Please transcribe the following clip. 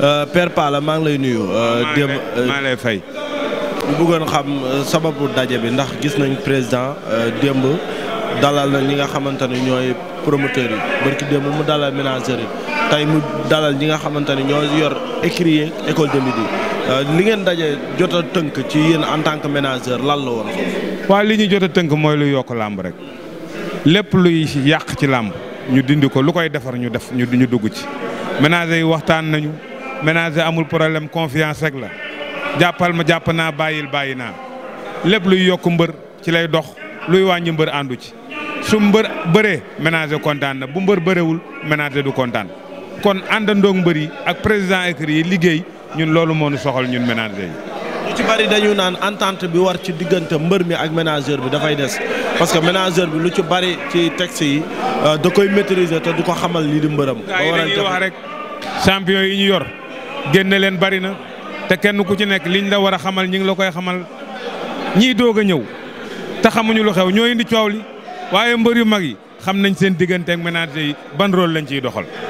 Euh, Père Palla maa ngi lay nuyu. Euh, démb maa lay fay. Euh, ñu bëggoon xam sababu daje bi ndax gis nañ président démb dalal na ñi nga xamante ne ñooy promoteurs yi barki démb mu dalal ménageurs yi tey mu dalal ñi nga xamante ne ñoo yor écurie école de lutte li ngeen daje jot a tënk ci yéen en tant que ménageur lan la woon. waa li ñu jot a tënk mooy lu yokk làmb rek lépp luy yàq ci làmb ñu dindi ko lu koy defar ñu def ñu dugg ci ménageurs yi waxtaan nañu. ménager amul problème confiance rek la jàppal ma jàpp naa bàyyil bàyyi naa lépp luy yokk mbër ci lay dox luy wàññi mbër àndu ci su mbër bëree ménager kontaan na bu mbër bëreewul ménager du kontaan kon àndandoog mbër yi ak président écurie yi liggéey ñun loolu moo ñu soxal ñun ménager yi. ñu ci bari dañu naan entente bi war ci diggante mbër mi ak ménageur bi dafay des parce que ménageur bi lu ci bari ci texte yi euh, da koy maîtriser te du ko xamal lii di mbëram. ba waral wax rek champion yi yor génne leen bari na te kenn ku ci nekk liñ la war a xamal ñi ngi la koy xamal ñii doog a ñëw te xamuñu lu xew ñoo indi coow li waaye mbër yu mag yi xam nañ seen digganteek ak yi ban rôle lañ ciy doxal.